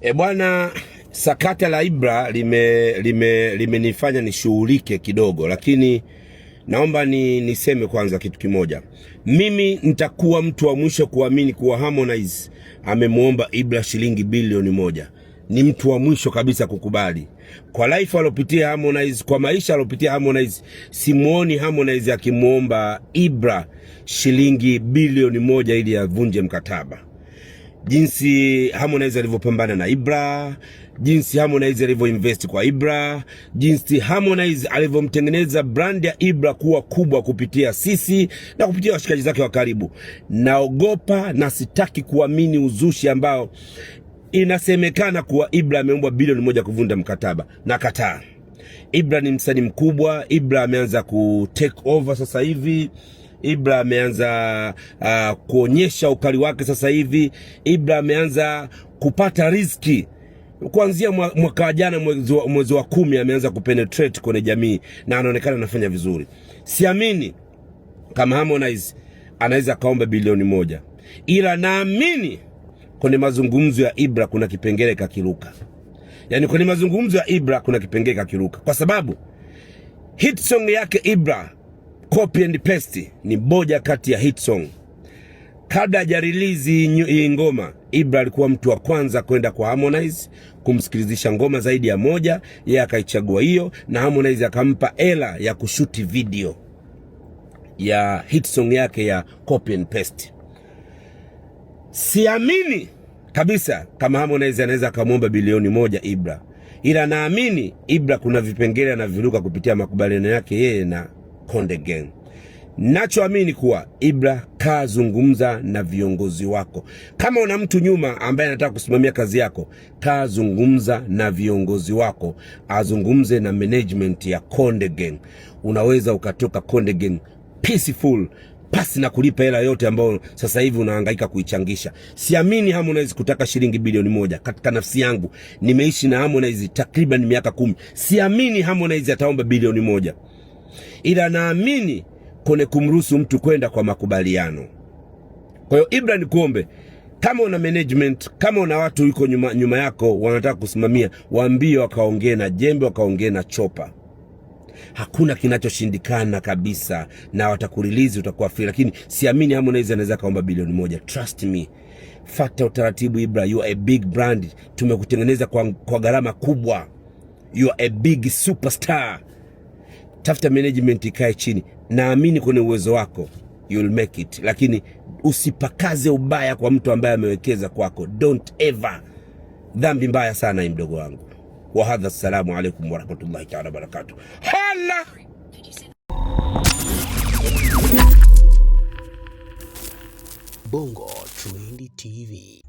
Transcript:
E bwana, sakata la Ibra limenifanya lime, limenifanya nishughulike kidogo, lakini naomba ni, niseme kwanza kitu kimoja. Mimi nitakuwa mtu wa mwisho kuamini kuwa Harmonize amemwomba Ibra shilingi bilioni moja. Ni mtu wa mwisho kabisa kukubali kwa life alopitia Harmonize, kwa maisha alopitia Harmonize, simuoni Harmonize akimwomba Ibra shilingi bilioni moja ili avunje mkataba jinsi Harmonize alivyopambana na Ibra, jinsi Harmonize alivyoinvest kwa Ibra, jinsi Harmonize alivyomtengeneza brand ya Ibra kuwa kubwa kupitia sisi na kupitia washikaji zake wa karibu. Naogopa na sitaki kuamini uzushi ambao inasemekana kuwa Ibra ameombwa bilioni moja kuvunda mkataba. na kataa Ibra ni msanii mkubwa. Ibra ameanza ku take over sasa hivi. Ibra ameanza uh, kuonyesha ukali wake sasa hivi. Ibra ameanza kupata riski kuanzia mwaka jana mwezi wa kumi ameanza kupenetrate kwenye jamii na anaonekana anafanya vizuri. Siamini kama Harmonize anaweza akaomba bilioni moja, ila naamini kwenye mazungumzo ya Ibra kuna kipengele kakiruka. Yaani kwenye mazungumzo ya Ibra kuna kipengele kakiruka, kwa sababu hit song yake Ibra Copy and Paste ni moja kati ya hit song. Kabla hajarilizi hii ngoma, Ibra alikuwa mtu wa kwanza kwenda kwa Harmonize kumsikilizisha ngoma zaidi ya moja, yeye akaichagua hiyo, na Harmonize akampa ela ya kushuti video ya hit song yake ya Copy and Paste. Siamini kabisa kama Harmonize anaweza akamwomba bilioni moja Ibra, ila naamini Ibra kuna vipengele anaviruka kupitia makubaliano yake yeye na Konde Gang. Nachoamini kuwa Ibra, kaa zungumza na viongozi wako. Kama una mtu nyuma ambaye anataka kusimamia kazi yako, kaa zungumza na viongozi wako, azungumze na management ya Konde Gang. Unaweza ukatoka Konde Gang peaceful pasi na kulipa hela yote ambayo sasa hivi unahangaika kuichangisha. Siamini Harmonize kutaka shilingi bilioni moja katika nafsi yangu. Nimeishi na Harmonize takriban miaka kumi, siamini Harmonize ataomba bilioni moja ila naamini kone kumruhusu mtu kwenda kwa makubaliano. Kwa hiyo Ibra, nikuombe kama una management, kama una watu yuko nyuma, nyuma yako wanataka kusimamia, waambie wakaongee na jembe, wakaongee na chopa. Hakuna kinachoshindikana kabisa, na watakurilizi, utakuwa free. Lakini siamini Harmonize anaweza kaomba bilioni moja. Trust me, fata utaratibu. Ibra, you are a big brand, tumekutengeneza kwa, kwa gharama kubwa. You are a big superstar tafuta management ikae chini. Naamini kwenye uwezo wako you'll make it, lakini usipakaze ubaya kwa mtu ambaye amewekeza kwako. Don't ever, dhambi mbaya sana hii, mdogo wangu. Wa hadha, assalamu alaikum warahmatullahi taala Hala. Bongo Trend TV.